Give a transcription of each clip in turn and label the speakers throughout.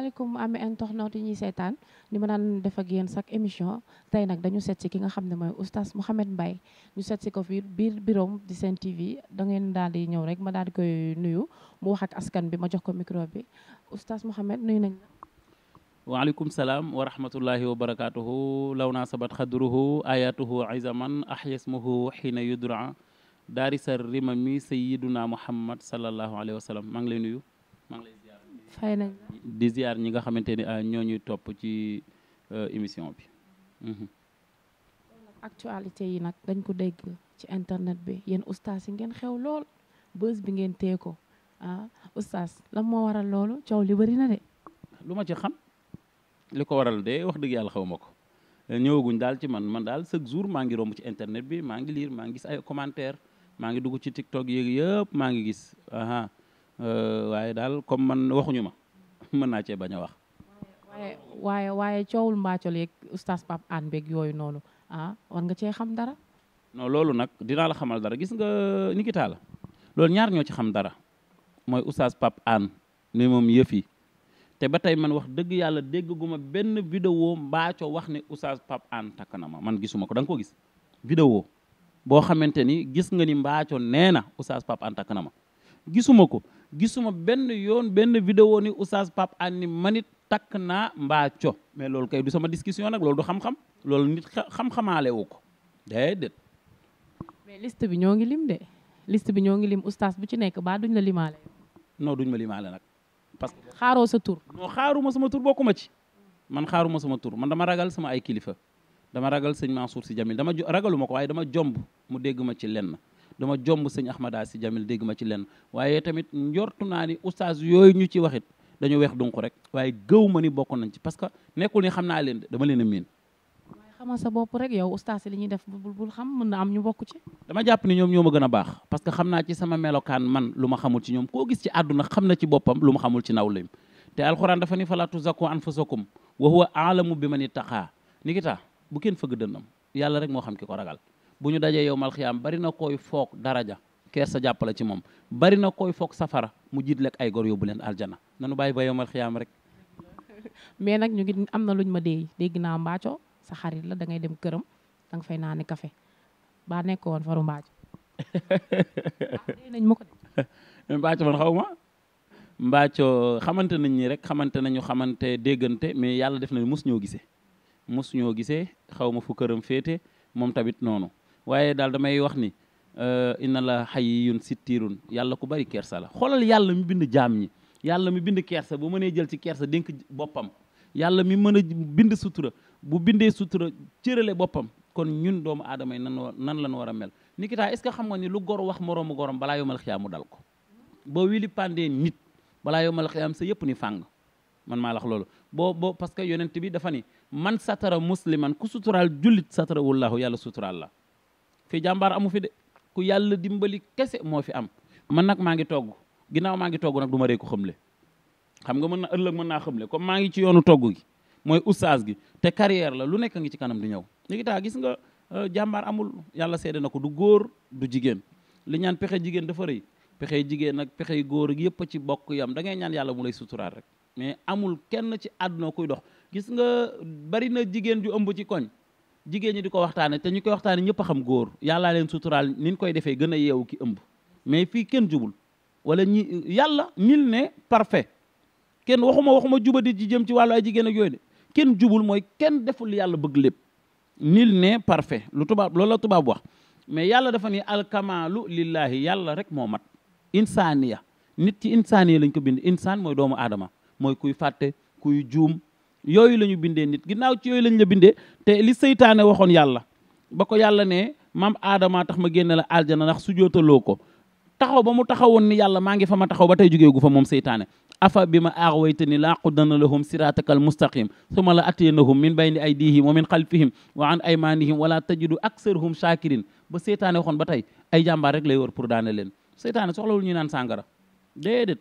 Speaker 1: maaleykum amee internautes yi ñuy seetaan ni ma daan def ak yéen chaque émission tey nag dañu seet si ki nga xam ne mooy oustaz Mouhamed Mbaye ñu seet si ko fii biir biroom di Sen TV da ngeen daal di ñëw rek ma daal di koy nuyu mu wax ak askan bi ma jox ko micro bi oustaz Mouhamed nuyu nañ la.
Speaker 2: waaleykum salaam wa rahmatullahi wa barakaatuhu law naa sabat xadruhu ayatuhu izaman ahyasmuhu xiina yudra daarisar rimami sayiduna Muhammad sallallahu alayhi wa sallam maa ngi lay nuyu maa ngi lay fay nañ di ñi nga xamante ni ah, ñoo ñuy topp ci euh, émission bi. Mhm.
Speaker 1: actualité yi nag dañ ko dégg ci internet bi yéen ustaas yi ngeen xew lool bës bi ngeen tee ko ah ustaas lan moo waral loolu coow li bëri na de. lu ma ci xam
Speaker 2: li ko waral de wax dëgg yàlla xaw ma ko. Euh, ñëwaguñ daal ci man man daal chaque jour maa ngi romb ci internet bi maa ngi lire maa ngi gis ay commentaire maa ngi dugg ci TikTok yéegi yëpp maa ngi gis Euh, waaye daal comme man waxuñu ma mën naa cee bañ a wax.
Speaker 1: waaye waaye waaye coowul mbaacol yeeg oustaz Pape Hann beeg yooyu noonu a ah, war nga cee xam dara.
Speaker 2: no loolu nag dinaa la xamal dara gis nga Nikita la loolu ñaar ñoo ci xam dara mooy oustaz Pape Hann moom yëfi te ba tey man wax dëgg yàlla dégg gu ma benn vidéo mbaaco wax ne oustaz Pape Hann takk na ma man gisuma ko da ko gis vidéo boo xamante ni gis nga ni mbaaco nee na oustaz Pape Hann takk na ma gisuma ko gisuma benn yoon benn vidéo ni oustaz Pape Hann ni manit takk naa mbaa co mais loolu kay du sama discussion nag loolu du xam-xam loolu nit xam-xamaale wu ko déedéet
Speaker 1: mais liste bi ñoo ngi lim de liste bi ñoo ngi lim oustaz bu ci nekk baa duñ la limaale
Speaker 2: non duñ ma limaale nag parce que
Speaker 1: xaaroo sa tur non
Speaker 2: xaaruma sama tur bokkuma ci man xaaruma sama tur man dama ragal sama ay kilifa dama ragal sañ sëñ Mansour si Djamil dama ragaluma ko waaye dama jomb mu dégg ma ci lenn dama jomb sëñ Ahmada si Jamil dégg ma ci leen waaye tamit njortu naa ni oustaz yooyu ñu ci waxit dañu weex dunq rek waaye gëw ma ni bokk nañ ci parce que nekkul ni xam naa leen dama leen a miin.
Speaker 1: waaye sa bopp rek yow oustaz li ñuy def xam mën na am ñu bokk ci.
Speaker 2: dama jàpp ni ñoom ñoo ma gën a baax parce que xam naa ci sama melokaan man lu ma xamul ci ñoom koo gis ci àdduna xam na ci boppam lu ma xamul ci nawleem te alxuraan dafa ni fala tuzakku anfusakum wa huwa aalamu bi man ittaqaa ni ki taa bu kenn fëgg dënnam yàlla rek moo xam ki ko ragal bu ñu dajee yow mal xiyaam bari na koy foog daraja kees sa jàppale ci moom bari na koy fook safara mu jiit lekk ay gor yóbbu leen aljana nanu bàyyi ba yow mal xiyaam rek
Speaker 1: mais nag ñu ngi am na luñ ma deey dégg naa mbaaco sa xarit la da ngay dem këram da nga fay naani café baa nekk woon faru nañ
Speaker 2: ma ko man xaw ma mbaaco xamante nañ ñi rek xamante nañu xamante déggante mais yàlla def na mus ñoo gisee mus ñoo gisee xawma fu këram féete moom tamit noonu waaye daal damay wax ni euh, inna la xayiyun sittirun yàlla ku bari kersa la xoolal yàlla mu bind jaam ñi yàlla mu bind kersa bu mënee jël ci kersa dénk boppam yàlla mi mën a bind sutura bu bindee sutura cërale boppam kon ñun doomu aadama yi nan nan la ñu war a mel Nikita est-ce que xam nga ni lu gor wax moroomu gorom balaa yomal xiyaam mu dal ko boo wili pandee nit balaa yomal xiyaam sa yëpp ni fàng man maa lax loolu boo boo parce que yonent bi dafa ni man satara musliman ku suturaal jullit satara wallaahu yàlla suturaal la fii jàmbaar amu fi de ku yàlla dimbali kese moo fi am man nag maa ngi togg ginnaaw maa ngi togg nag du ma reeku xamle xam nga mën na ëllëg mën naa xamle comme maa ngi ci yoonu togg gi mooy oustaz gi te carrière la lu nekk ngi ci kanam di ñëw léegi taa gis nga euh, jàmbaar amul yàlla seede na ko du góor du jigéen li ñaan pexe jigéen dafa rëy pexe jigéen ak pexe góor yëpp ci bokk yam da ngay ñaan yàlla mu lay suturaal rek mais amul kenn ci àdduna kuy dox gis nga ëmb ci koñ jigéen ñi di ko waxtaane te ñu koy waxtaane ñëpp a xam góor yàllaa leen suturaal ni ñu koy defee gën a yeewu ki ëmb mais fii kenn jubul wala ñi yàlla mil ne parfait kenn waxuma waxuma jubadi ji jëm ci wàllu ay jigéen ak de kenn jubul mooy kenn deful yàlla bëgg lépp nil ne parfait lu tubaab loolu la tubaab wax mais yàlla dafa ni alkamaalu lillahi yàlla rek moo mat insaaniya nit ci insaaniya lañ ko bind insaan mooy doomu aadama mooy kuy fàtte kuy juum yooyu la ñu bindee nit ginnaaw ci yooyu lañ la bindee te li seytaane waxoon yàlla ba ko yàlla ne maam aadamaa tax ma génne la aljana ndax sujootaloo ko taxaw ba mu taxawoon ni yàlla maa ngi fa ma taxaw ba tey jógee gu fa moom seytaane afa bi ma aghwaytani laaqudanna lahum siratakal mustaqim summa la atiyanahum min bayni aydihim wa min xalfihim wa an aymanihim wala tajidu aksarahum shakirin ba seytaane waxoon ba tey ay jàmbaar rek lay wër pour daane leen seytaane soxlawul ñu naan sàngara déedéet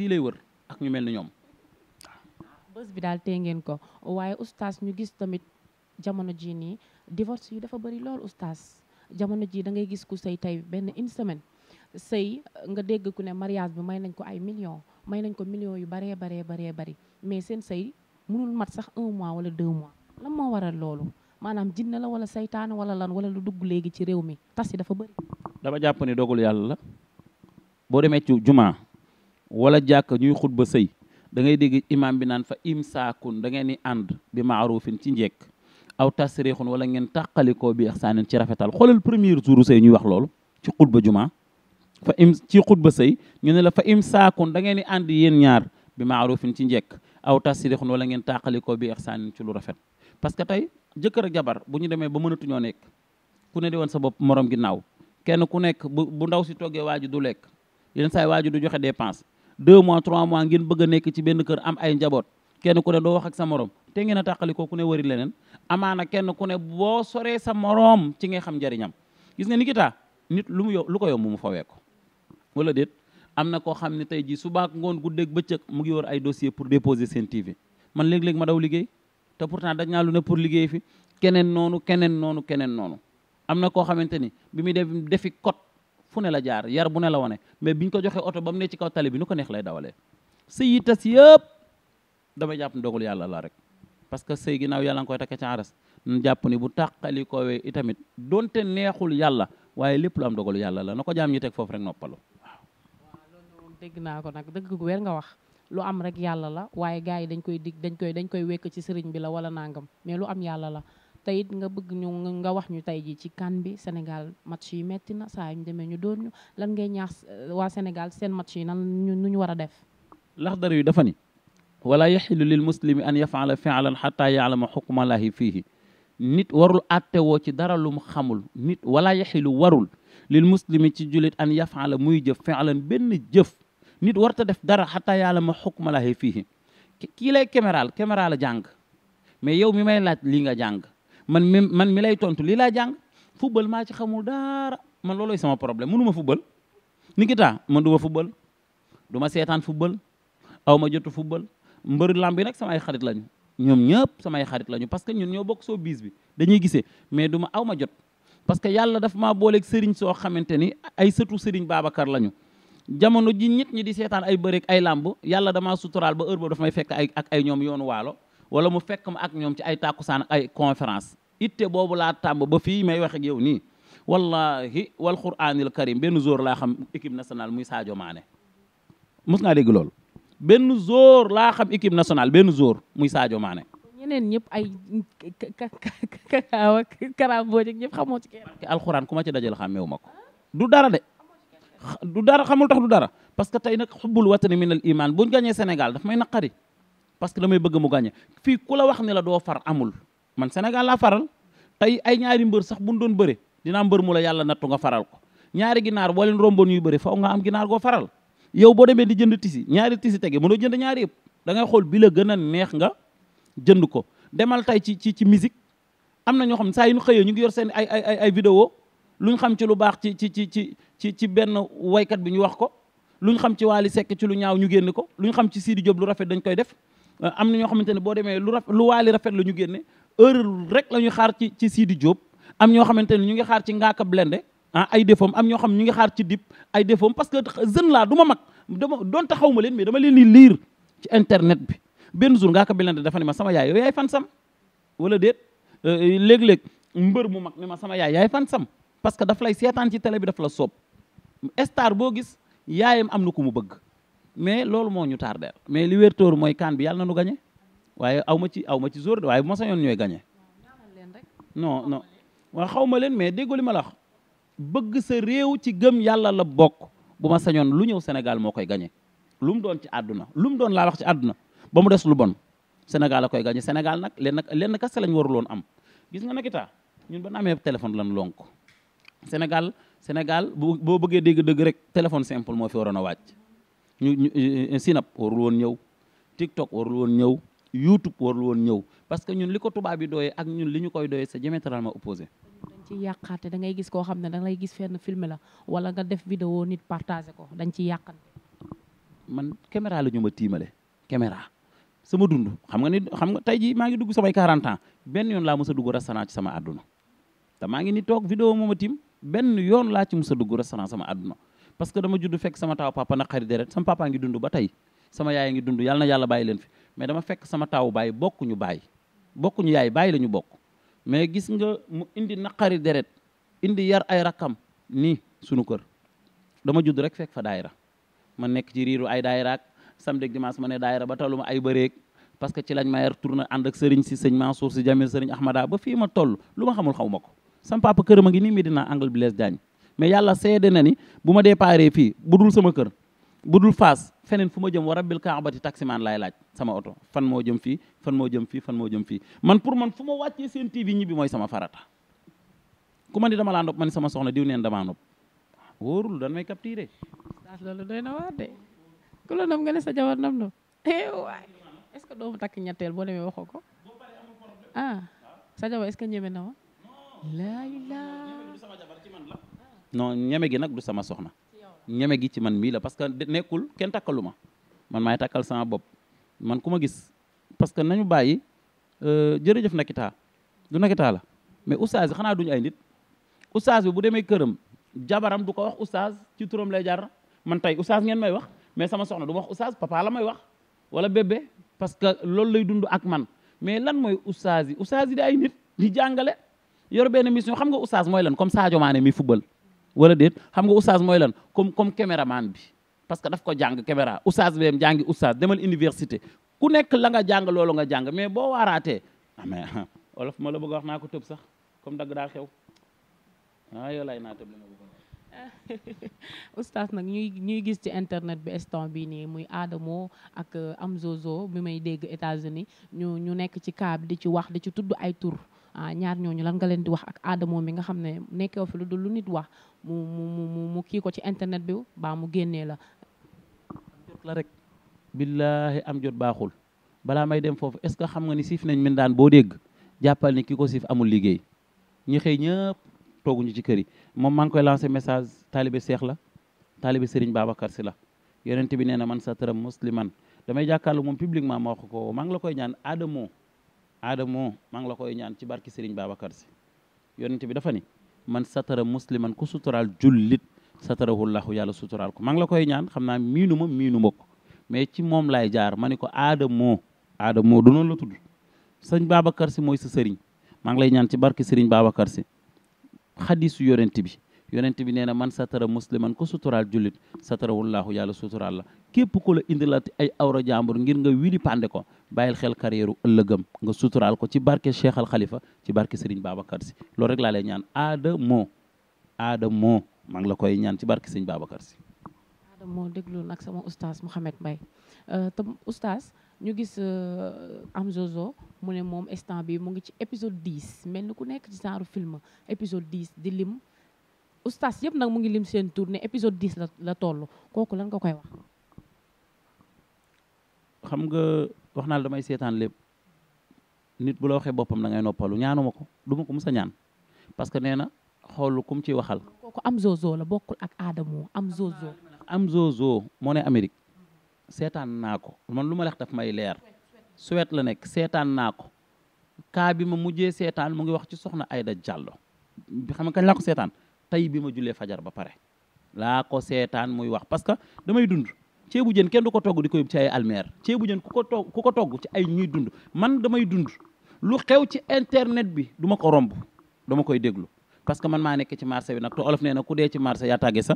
Speaker 2: yi lay wër ak ñu mel ni ñoom
Speaker 1: bés bi daal tee ngeen ko waaye oustaz ñu gis tamit jamono ji nii divorce yu dafa bëri lool oustaz jamono jii da ngay gis ku sëy tey benn une semaine sëy nga dégg ku ne mariage bi may nañ ko ay million may nañ ko millions yu baree baree baree bari mais seen sëy mënul mat sax un mois wala deux mois lan moo waral loolu maanaam jinne la wala seytaane wala lan wala lu dugg léegi ci réew mi tas yi dafa bëri
Speaker 2: dama jàpp ne dogalu yàlla boo demee ci jumaa wala jàkk ñuy xutba sëy da ngay dégg imaam bi naan fa imsaakun da dangeen ni ànd bi maarufin ci njekk aw tasrixun wala ngeen tàqalikoo bi ixsaanin ci rafetal xoolal premier jour sëy ñuy wax loolu ci xutba juma fa im ci xutba sëy ñu ne la fa imsaakun da ngeen ni ànd yéen ñaar bi ma maarufin ci njekk aw tasrixun wala ngeen tàqalikoo bi ixsaanin ci lu rafet parce que tey jëkkër ak jabar bu ñu demee ba mënatuñoo nekk ku ne di woon sa bopp morom ginnaaw kenn ku nekk bu ndaw si toggee waaju du lekk yenn saay waaju du joxe dépense deux mois trois mois ngeen bëgg a nekk ci benn kër am ay njaboot kenn ku ne doo wax ak sa morom te ngeen a tàqali ko ku ne wari leneen amaana kenn ku ne boo soree sa moroom ci ngay xam njariñam gis nga Nikita nit lu mu yo lu ko yomb mu fawee ko wala déet am na koo xam ne tey jii suba ak ngoon guddeeg bëccëg mu ngi yor ay dossier pour déposer Sen TV man léeg-léeg ma daw liggéey te pourtant daj naa lu ne pour liggéey fi keneen noonu keneen noonu keneen noonu am na koo xamante ni fu ne la jaar yar bu ne la wane mais biñ ko joxee oto ba ne ci kaw tali bi nu ko neex lay dawalee sëy yi yëpp dama jàpp la rek parce que sëy ginnaaw yàlla nga koy takke ca aras ni bu tàqali koowee itamit donte neexul yàlla waaye lépp lu am dogalu yàlla la na ko jaam ñi teg foofu rek noppalu waaw
Speaker 1: loolu moom dégg naa ko nag lu am rek yàlla la waaye gars yi dañ koy dig dañ koy dañ koy ci sëriñ bi la wala nangam mais lu am yàlla la te it nga bëgg ñu nga wax ñu tey ji ci kan bi Sénégal match yi metti na saa yu ñu demee ñu doon ñu lan ngay ñaax euh, waa Sénégal seen match yi nan nu ñu war a def
Speaker 2: laxdar yu dafa ni wala yaxilu lil muslimi an yafaala fialan xata yaalama xukmallaahi fiihi nit warul attewoo ci dara lu mu xamul nit wala yaxilu warul lil muslimi ci julit an yafaala muy jëf fialan benn jëf nit warta def dara xata yaalama xukmallaahi fii kii lay caméral caméra a jàng mais yow mi may laaj lii nga jàng man mi man mi lay tontu lii laa jàng football maa ci xamul dara man loolooy sama problème mënuma ma football Nikita man du ma football du ma seetaan football aw ma jotu football mbër lamb yi nag sama xarit lañu ñoom ñëpp samay xarit lañu parce que ñun ñoo bokk soo biis bi dañuy gisee mais du aw ma jot parce que yàlla daf maa booleeg sëriñ soo xamante ni ay sëtu sëriñ Babacar lañu jamono ji nit ñi di seetaan ay bëreeg ay làmb yàlla damaa suturaal ba heure boobu daf may fekk ay ak ay ñoom yoonu waalo wala mu fekk ma ak ñoom ci ay tàkkusaan ak ay conférence itte boobu laa tàmb ba fii may wax ak yow nii wallahi wal quraanil karim benn jour laa xam équipe national muy saajo Mané mos naa dégg loolu benn jour laa xam équipe national benn jour muy Sadio maane
Speaker 1: ñeneen ñëpp ay kakaaw ak karambooj ak ñëpp xamoo ci kenn
Speaker 2: alxuraan ku ma ci dajal xàmmeewu ma ko du dara de du dara xamul tax du dara parce que tey nag xubul watani min al iman buñ gàñee Sénégal daf may naqari parce que damay bëgg mu gàñe fii ku la wax ni la doo far amul man senegal laa faral tey ay ñaari mbër sax bu nu doon bëre dinaa mbër mu la yàlla nattu nga faral ko ñaari ginaar boo leen romboon ñuy bëre faw nga am ginaar goo faral yow boo demee di jënd tisi ñaari tisi tege mënoo jënd ñaari yëpp da ngay xool bila la gën a neex nga jënd ko demal tey ci ci ci musique am na ñoo xam ne saa yu ñu xëyee ñu ngi yor seen ay ay ay lu ñu xam ci lu baax ci ci ci ci ci ci benn waykat bi ñu wax ko lu ñu xam ci Waly Seck ci lu ñaaw ñu génn ko lu ñu xam ci Sidi Diop lu rafet dañ koy def na ñoo xamante ne boo demee lu raf rafet la ñu génne heure rek la ñu xaar ci ci Sidi Diop am ñoo xamante ne ñu ngi xaar ci Ngaaka Blindé ah ay défauts am ñoo xam ñu ngi xaar ci dip ay défauts parce que jeune laa duma ma mag dama donte xaw ma leen mais dama leen di lire ci internet bi benn jour Ngaaka Blindé dafa ne ma sama yaay yow yaay fan sam wala déet euh, léeg-léeg mbër mu mag ne ma sama yaay yaay fan sam parce que daf lay seetaan ci tele bi daf la soob star boo gis yaayam am na ku mu bëgg mais loolu moo ñu taar mais li wér mooy kan bi yàlla na nu gañe waaye aw ma ci aw ma ci zóor waaye bu ma sañoon ñooy gagné non non waa xaw ma leen mais déggoo ma la bëgg sa réew ci gëm yàlla la bokk bu ma sañoon lu ñëw Sénégal moo koy gañe lu mu doon ci àdduna lu mu doon laa wax ci àdduna ba mu des lu bon Sénégal la koy gagné Sénégal nag lenn lenn kese lañ waruloon am gis nga nag ñun ba na amee téléphone lan lonk Sénégal Sénégal boo bëggee dégg dëgg rek téléphone simple moo fi waroon a wàcc ñu ñu euh, Sinap warul woon ñëw TikTok warul woon ñëw. YouTube warul woon ñëw parce que ñun li ko tubaab bi dooyee ak ñun li ñu koy sa c'est diamétralement opposé
Speaker 1: dañ ci yàqaate da ngay gis koo xam ne da ngay gis fenn film la wala nga def vidéo nit partagé ko dañ ci yàqante
Speaker 2: man caméra la ñu ma tiimale caméra sama dund xam nga ni xam nga tey ji maa ngi dugg samay 40 benn yoon laa mos a dugg restaurant ci te maa ngi ni toog vidéo mooma tiim benn yoon laa ci mos a dugg restaurant sama àdduna parce que dama judd fekk sama taaw papa na xarit deret sama papa ngi dund ba tey sama yaay ngi dund yàlla yàlla bàyyi leen fi mais dama fekk sama taawu baay bokkuñu baay bokkuñu yaay bàyyi la bokk mais gis nga mu indi naqari deret indi yar ay rakkam nii sunu kër dama judd rek fekk fa daay daayira ma nekk ci riiru ay daay ak samedi ak dimanche ma ne daay daayira ba taluma ay bëreeg parce que ci lañ ma yar tourné ànd ak sëriñ si sëñ Mansour si Jamil sëriñ Ahmada ba fii ma toll lu ma xamul xaw ma ko sam papa këram a ngi nii Medina Angle Blaise Diagne mais yàlla seede na ni bu ma déparé fii bu sama kër bu dul faas feneen fu ma jëm wara wa rabbil kaabati taximaan laay laaj sama oto fan moo jëm fii fan moo jëm fii fan moo jëm fii man pour man fu ma wàccee seen TV ñibbi mooy sama farata ku ma ni dama laa nopp ma sama soxna diw neen damaa nopp wóorul dan may capturé
Speaker 1: daas loolu doy na waar de ku la nam nga ne sa jabar nam no eh, waay que doomu takk ñetteel boo demee waxoo ko ah, ce que ñeme na wa laa ilaa
Speaker 2: ñeme gi nag du sama soxna ñeme gi ci man mii la parce que nekkul kenn takkalu ma man maay takkal sama bopp man ku ma gis parce que nañu bàyyi euh, jërëjëf nakitaa du nakitaa la mais oustaz xanaa duñ ay nit oustaz bu demee këram jabaram du ko wax oustaz ci turam lay jar man tey oustaz ngeen may wax mais sama soxna du ma wax oustaz papa la may wax wala bébé parce que loolu lay dund ak man mais lan mooy oustaz yi oustaz ay nit di jàngale yor benn mission xam nga oustaz mooy lan comme Sadio maane mi football wala déet xam nga oustaz mooy lan comme comme caméraman bi parce que daf ko jàng caméra oustaz beem jàngi oustaz demal université ku nekk la nga jàng loolu nga jàng mais boo waaraatee ah olof ma la bëgg wax naa ko tëb sax comme dagg daa xew ah yow laay nag
Speaker 1: ñuy ñuy gis ci internet bi instant bii nii muy Adamo ak euh, am zozo bi may dégg États-Unis ñu ñu nekk ci kaab di ci wax di ci tudd ay tur ah ñaar ñooñu lan nga leen di wax ak Adamo mi nga xam ne nekkee fi lu dul lu nit wax mu mu mu mu kii ko ci internet bi baa mu génnee la
Speaker 2: jot la rek billaahi am jot baaxul balaa may dem foofu est-ce que xam nga ni siif nañ min daan boo dégg jàppal ni ki ko siif amul liggéey ñi xëy ñëpp tooguñu ci kër yi moom maa ngi koy lancé message taalibe seex la taalibe Serigne Babacar si la yonent bi nee na man sa tëram musliman damay jàkkaarlu moom publiquement ma wax ko maa ngi la koy ñaan aadamoo aadamoo maa ngi la koy ñaan ci barki Serigne Babacar si yonent bi dafa ni man satara musliman ku suturaal jullit satarahullahu yàlla suturaal ko maa ngi la koy ñaan xam naa miinu ma miinu ma ko mais ci moom laay jaar ma ne ko aada moo aada moo du noonu la tudd sëñ baaba si mooy sa sëriñ maa ngi lay ñaan ci barke sëriñ Babacar si xadisu yonent bi yonent bi nee na man satara musliman ku suturaal jullit satarahullahu yàlla suturaal la képp ku la indilat ay awra jàmbur ngir nga wili pande ko bàyyil xel carrière ëllëgam nga suturaal ko ci barke Cheikh Al ci barke Serigne Babacar si loolu rek laa ñaan aada moo aada moo maa ngi la koy ñaan ci barke Serigne Babacar si.
Speaker 1: aada moo déglu nag sama oustaz Mouhamed Mbaye euh, te oustaz ñu gis euh, am zozo mu ne moom instant bi mu ngi ci épisode 10 mel ni ku nekk ci genre film épisode 10 di lim oustaz yëpp nag mu ngi lim seen tournée épisode di la la toll kooku lan nga koy wax.
Speaker 2: xam nga wax naa la damay seetaan lépp nit bu la waxee boppam na ngay noppalu ñaanuma ko duma ko mus a ñaan parce que nee na xool kum ci waxal.
Speaker 1: kooku am zozo la bokkul ak Adamo am zozo. am
Speaker 2: zozo moo ne Amérique seetaan naa ko man lu ma lex daf may leer Suède la nekk seetaan naa ko kaa bi ma mujjee seetaan mu ngi wax ci soxna Aida Diallo xam nga kañ laa ko seetaan tey bi ma julee fajar ba pare laa ko seetaan muy wax parce que damay dund ceebu jën kenn du ko togg di ko yóbbu ci ay almeer ceebu jën ku ko togg ko togg ci ay ñuy dund man damay dund lu xew ci internet bi du ma ko romb dama koy déglu parce que man maa nekk ci marché bi nag te olof nee na ku dee ci marché yaa sa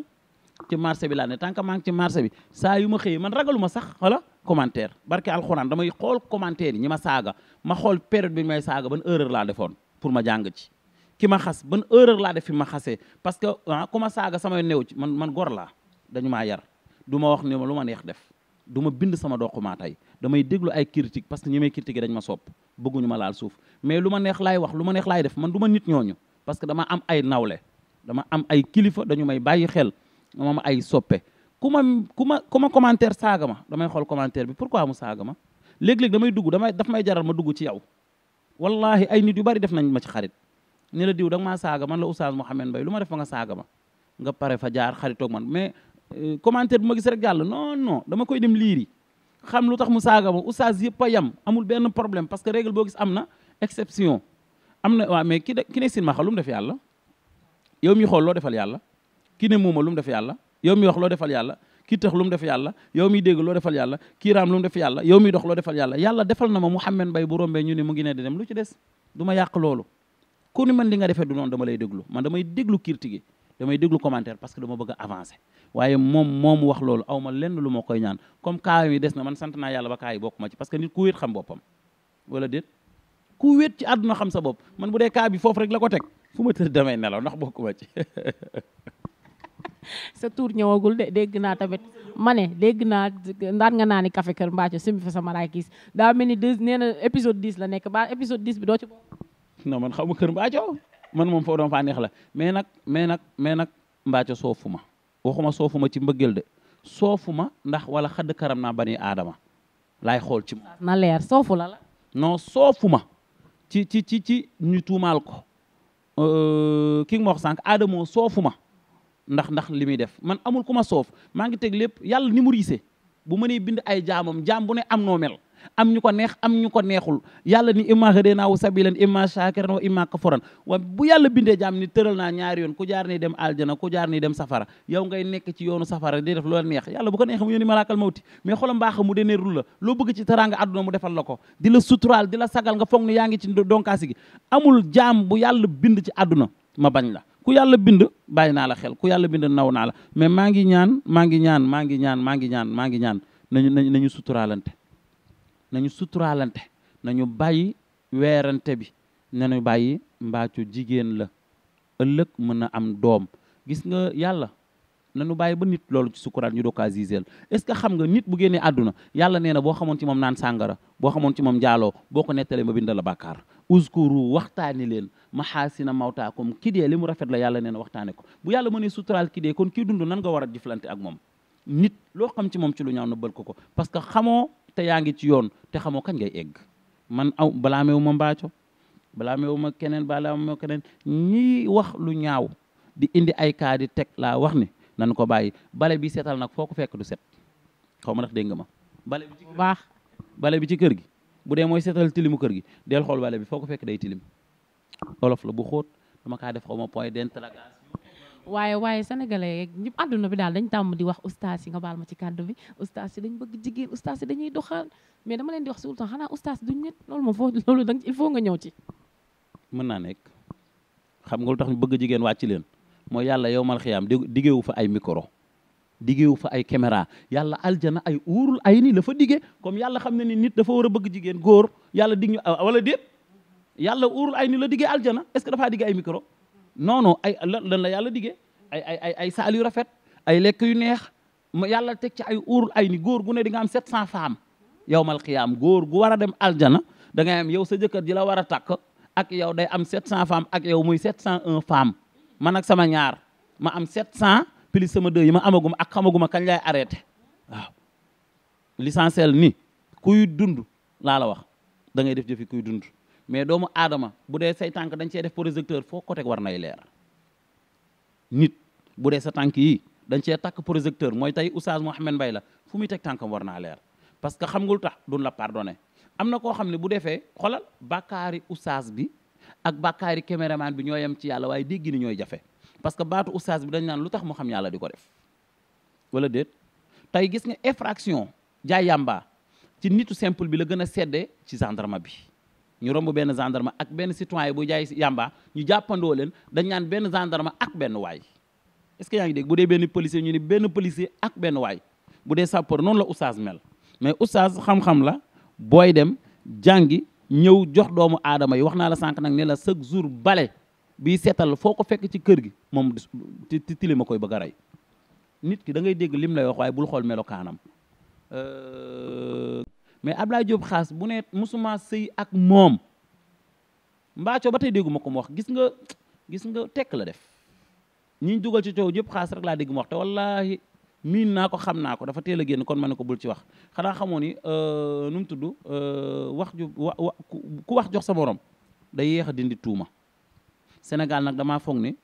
Speaker 2: ci marché bi laa ne tant que maa ngi ci marché bi saa ma xëyee man ragalu ma sax wala commentaire barke alxuraan damay xool commentaire yi ñi ma saaga ma xool période bi may saaga ban erreur laa defoon pour ma jàng ci ki ma xas ban erreur laa def fi ma xasee parce que ah ku ma saaga samay néew ci man man gor laa dañu maa yar du ma wax ne ma lu ma neex def du ma bind sama doxumaa tey damay déglu ay critique parce que ñi may critiquer dañ ma sopp bëgguñu ma laal suuf mais lu ma neex laay wax lu ma neex laay def man duma ma nit ñooñu parce que dama am ay nawle dama am ay kilifa dañu may bàyyi xel ma ma ay soppe ku ma ku ma ku ma commentaire saaga ma damay xool commentaire bi pourquoi mu saaga ma léeg-léeg damay dugg damay daf may jaral ma dugg ci yow wallahi ay nit yu bari def nañ ma ci xarit ni la diw da maa saaga man la oustaz Mouhamed Mbaye lu ma def fa nga saaga ma nga pare fa jaar xaritoog man mais Euh, commentaire bu ma gis rek jàll non non dama koy dem liiri xam lu tax mu saaga ma oustaz yëpp a yem amul benn problème parce que règle boo gis am na exception am na waaw mais ki de ki ne silmaxa lu def yàlla yow mi xool loo defal yàlla ki ne muuma lu mu def yàlla yow mi wax loo defal yàlla ki tax lu mu def yàlla yow miy dégg loo defal yàlla kii raam lu def yàlla yow miy dox loo defal yàlla yàlla defal na ma Mouhamed Mbaye bu rombee ñu ne mu ngi ne di dem lu ci des du ma yàq loolu ku ni man li nga defee du noonu dama lay déglu man damay déglu kirti gi damay déglu commentaire parce que dama bëgg a avancer waaye moom moom wax loolu aw ma lenn lu moo koy ñaan comme kaay yi des na man sant naa yàlla ba kaay bokk ma ci parce que nit ku wéet xam boppam wala déet ku wet ci àdduna xam sa bopp man bu dee kaay bi foofu rek la ko teg fu ma tëdd damay nelaw ndax bokk ma ci
Speaker 1: sa tour ñëwagul de dégg naa tamit ma ne dégg naa ndaan nga naa ni café kër mbaaco simi fa sa raay kiis daa mel ni deux nee na épisode 10 la nekk ba épisode 10 bi doo ci bokk
Speaker 2: non man xaw ma kër mbaaco man moom foo doon faa neex la mais nag mais nag mais nag mbaaco soofu ma waxuma soofu ma ci mbëggeel de soofu ma ndax wala xadd karam naa bani aadama laay xool ci moom
Speaker 1: na leer soofu la la
Speaker 2: non soofu ma ci ci ci ci ñu tuumaal ko euh, ki nga ma wax sànq aadamoo soofu ma ndax ndax li muy def man amul ku ma soof maa ngi teg lépp yàlla ni mu riise bu mënee bind ay jaamam jaam bu ne am noo mel am ñu ko neex am ñu ko neexul yàlla ni imma hadaynaahu sabilan imma shakiran wa imma kafuran wa bu yàlla bindee jaam ni tëral naa ñaari yoon ku jaar ni dem aljana ku jaar ni dem safara yow ngay nekk ci yoonu safara di def loo neex yàlla bu ko neex mu yónni malaakal mawti mais xolam baax mu deneerul la loo bëgg ci teraanga àdduna mu defal la ko di la suturaal di la sagal nga foog ni yaa ngi ci donkaasi gi amul jaam bu yàlla bind ci àdduna ma bañ la ku yàlla bind bàyyi naa la xel ku yàlla bind naw naa la mais maa ngi ñaan maa ngi ñaan maa ngi ñaan maa ngi ñaan maa ngi ñaan nañu nañu suturaalante nañu suturaalante nañu bàyyi weerante bi nañu bàyyi mbaacu jigéen la ëllëg mën a am doom gis nga yàlla nañu bàyyi ba nit loolu ci sukuraat ñu doog a zizeel est-ce que xam nga nit bu génnee àdduna yàlla nee na boo xamoon ci moom naan sàngara boo xamoon ci moom njaaloo boo ko nettalee ma bindal la bàkkaar uskuru waxtaani leen ma mawtaakum ki dee li mu rafet la yàlla nee na waxtaane ko bu yàlla mënee suturaal ki dee kon kii dund nan nga war a jëflante ak moom nit loo xam ci moom ci lu ñaaw nëbbal ko ko te yaa ngi ci yoon te xamoo kañ ngay egg man aw balaa meewu ma mbaaco balaa meewu ma keneen balaa ma keneen ñii wax lu ñaaw di indi ay kaa di teg laa wax ni nanu ko bàyyi bale bi seetal nag foo ko fekk du set xaw ma ndax dégg nga ma bale bi ci baax bale bi ci kër gi bu dee mooy seetal tilimu kër gi del xool bale bi foo ko fekk day tilim olof la bu xóot dama kaa def xaw ma point d'interrogation
Speaker 1: waaye waaye sénégalais yeeg ñëpp àdduna bi daal dañ tàmm di wax ustaas yi nga baal ma ci kàddu bi ustaas yi dañ bëgg jigéen ustaas yi dañuy doxal mais dama leen di wax si temps xanaa ustaas duñ nit loolu moom foofu loolu danga il faut nga ñëw ci
Speaker 2: mën naa nekk xam nga lu tax ñu bëgg jigéen wàcc leen mooy yàlla yow mal xiyaam digéewu fa ay micro digéewu fa ay caméra yàlla aljana ay uurul ay nii la digg digee comme yàlla xam ne ni nit dafa war a bëgg jigéen góor yàlla dig ñu wala déet yàlla uurul ay ni la digee aljana est ce que dafaa digee ay micro non ay lan la yàlla diggee ay ay ay ay saal yu rafet ay lekk yu neex ma yàlla teg ci ay uurul ay ni góor gu ne di nga am 700 femmes yawmal qiyaam góor gu war a dem aljana da ngay am yow sa jëkkër ji la war a takk ak yow day am 700 femmes ak yow muy 701 femmes man ak sama ñaar ma am 700 plus sama deux yi ma amaguma ak xamaguma kañ lay arrêté waaw l'essentiel ni kuy dund laa la wax da ngay def jëfi kuy dund mais doomu aadama bu dee say tànk dañ cee def projecteur foo ko teg war nay leer nit bu dee sa tànk yi dañ cee takk projecteur mooy tey oustaz Mouhamed mbay la fu muy teg tànkam war naa leer parce que xam nga lu tax duñ la pardonné am na koo xam ne bu defee xolal bàkkaari oustaz bi ak bàkkaari caméraman bi ñoo yem ci yàlla waaye dégg ni ñooy jafe parce que baatu oustaz bi dañ naan lu tax mu xam yàlla di ko def wala déet tey gis nga infraction jaay ci nitu simple bi la gën a seddee ci gendarme bi ñu romb benn gendarme ak benn citoyen bu jaay yàmba ñu jàppandoo leen dañ naan benn gendarme ak benn waay est-ce que yaa ngi dégg bu dee benn policier ñu ne benn policier ak benn waay bu dee sapeur noonu la oustaz mel mais oustaz xam-xam la booy dem jàngi ñëw jox doomu aadama yi wax naa la sànq nag ne la chaque jour bale bii seetal foo ko fekk ci kër gi moom ti tili ma koy bëgg a rey nit ki da ngay dégg lim lay wax waaye bul xool melokaanam euh, mais Ablaye Diop xaas bu ne musuma sëy ak moom mbaacoo ba dégguma ko mu wax gis nga gis nga tekk la def ñi ñu ci coow yëpp xaas rek laa dégg mu wax te wallaahi miin naa ko xam naa ko dafa teel a génn kon man ne ko bul ci wax xanaa xamoo ni euh, nu mu tudd euh, wax ju wa ku wax jox sa morom day yéex a dindi tuuma Sénégal nag dama foog ni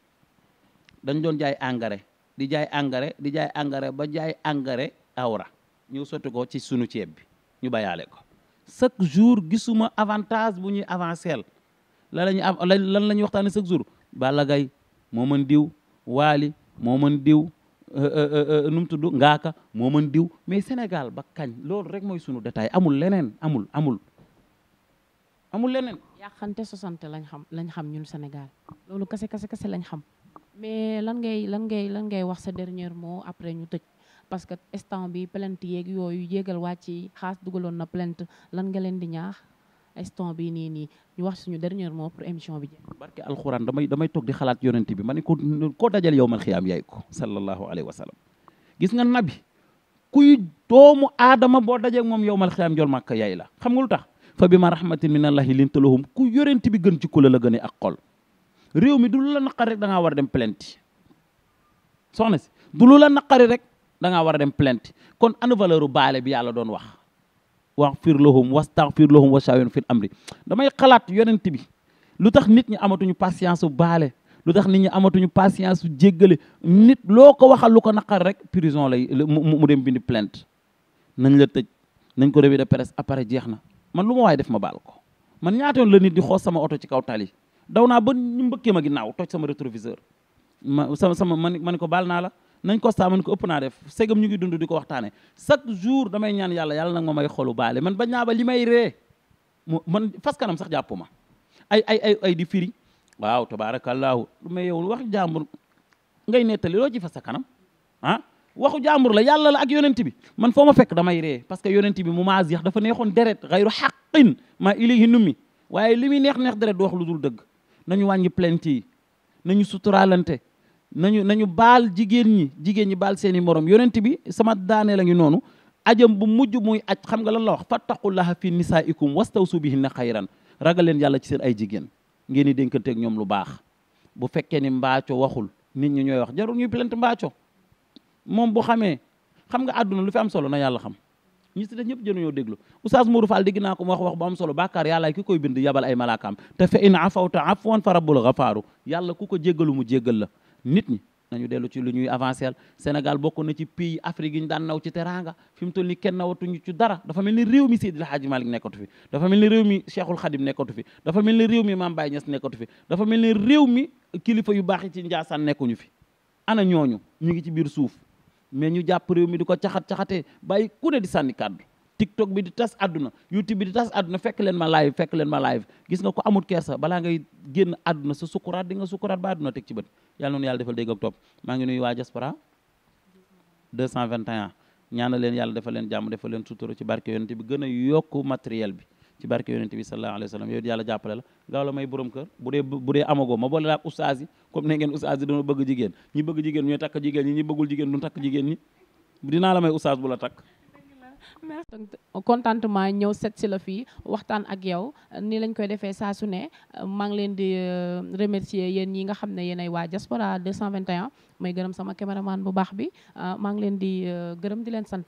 Speaker 2: dañ doon jaay engrais di jaay engrais di jaay engrais ba jaay engrais awra ñëw sotti ko ci sunu ceeb bi. ñu bayaale ko chaque jour gisuma avantage bu ñuy avancel la lañu am lan la ñuy waxtaane chaque jour Balla Gaye moo mën diw Waly moo mën diw euh, euh, euh, nu mu tudd Ngaaka moo mën diw mais Sénégal ba kañ loolu rek mooy sunu détail amul leneen amul amul
Speaker 1: amul leneen yàqante sosante lañ xam lañ xam ñun Sénégal loolu kase kase kase lañ xam mais lan ngay lan ngay wax sa dernier mot après ñu tëj parce que instant bi plainte yeeg yooyu yéegal wàcc yi xaas dugaloon na plainte lan nga leen di ñaax instant bi nii nii ñu wax suñu dernier moom pour émission bi jeex barke alxuraan
Speaker 2: damay damay toog di xalaat yonent bi ma ne ko koo dajal yow mal xiyaam yaay ko sallallahu alayhi wa sallam gis nga nabi kuy doomu aadama boo dajee moom yow mal xiyaam jol màkk yaay la xam nga lu tax fa bi ma rahmatin min allahi linta lahum ku yonent bi gën ci kula la gëne ak xol réew mi du la naqari rek da ngaa dem plainte da war a dem plainte kon anu valeur u baale bi yàlla doon wax waxfir lahum wastaghfir lahum wa shawin fil amri damay xalaat yonent bi lu tax nit ñi amatuñu patience u baale lu tax nit ñi amatuñu patience su jéggale nit loo ko waxal lu ko naqar rek prison lay mu dem bindi plainte nañ la tëj nañ ko revue de presse après jeex na man lu ma waaye def ma baal ko man ñaata yoon la nit di xoos sama oto ci kaw tali daw naa ba ñu mbëkkee ma ginnaaw toj sama rétroviseur ma sama sama man ma ni ko baal naa la nañ ko saa ko ëpp naa def segam ñu ngi dund di ko waxtaane chaque jour damay ñaan yàlla yàlla nag ma may xolu baale man bañ naa ba li may ree mu man faskanam kanam sax jàpp ma ay ay ay ay di firi waaw tabaarakallaahu mais yow wax jàmbur ngay nettali loo ci fas sa kanam ah waxu jàmbur la yàlla la ak yonent bi man foo ma fekk damay ree parce que yonent bi mu maas yax dafa neexoon deret xayru xaqin ma ilayhi nummi waaye li muy neex neex deret du wax lu dul dëgg nañu wàññi plainte yi nañu suturaalante nañu nañu baal jigéen ñi jigéen ñi baal seen i morom yonent bi sama daane la ngi noonu ajam bu mujj muy aj xam nga lan la wax fattaqullaha fi nisaikum wastawsu bihinna xayran ragal leen yàlla ci seen ay jigéen ngeen di dénkanteeg ñoom lu baax bu fekkee ni mbaaco waxul nit ñi ñooy wax jarul ñuy plainte mbaaco moom bu xamee xam nga àdduna lu fi am solo na yàlla xam ñi si def ñëpp jënuñoo déglu oustaz Mourou Fall dégg naa ko mu wax wax bu am solo bàkkaar yàllaay ki koy bind yabal ay malaakaam te fa in afawta afwan fa rabbul ghafaaru yàlla ku ko jéggalu mu jéggal la nit ñi nañu dellu ci lu ñuy avancer Sénégal bokk na ci pays Afrique yi ñu daan naw ci teraanga fi mu toll ni kenn nawatuñu ci dara dafa mel ni réew mi Seydil Hadji Malick nekkatu fi dafa mel ni réew mi Cheikhul Khadim nekkatu fi dafa mel ni réew mi Mame Baye nekkatu fi dafa mel ni réew mi kilifa yu baax yi ci Njaasaan nekkuñu fi ana ñooñu ñu ngi ci biir suuf mais ñu jàpp réew mi di ko caxat caxate bàyyi ku ne di sànni kàddu TikTok bi di tas àdduna YouTube bi di tas àdduna fekk leen ma live fekk leen ma live gis nga ko amut kersa balaa ngay génn àdduna sa sukuraat di nga sukuraat ba àdduna teg ci bët yàlla noonu yàlla defal dégg ak topp maa ngi nuyu waa diaspora 221 leen yàlla defal leen jàmm defal leen sutura ci barke yonente bi gën a yokk matériel bi ci barke yonente bi sallallahu alayhi wa sallam yow yàlla jàppale la gaaw la may borom kër bu dee bu ma boole laa ustaas yi comme ne ngeen ustaas yi dañoo bëgg jigéen ñi bëgg jigéen ñooy takk jigéen ñi ñi bëggul jigéen du takk jigéen ñi dinaa la
Speaker 1: merci contentement ñëw set si la fi waxtaan ak yow ni lañ koy defee saa su ne maa ngi leen di euh, remercier yéen ñi nga xam ne yéen ay waa diaspora 221 may gërëm sama caméraman bu baax bi euh, maa ngi leen di euh, gërëm di leen sant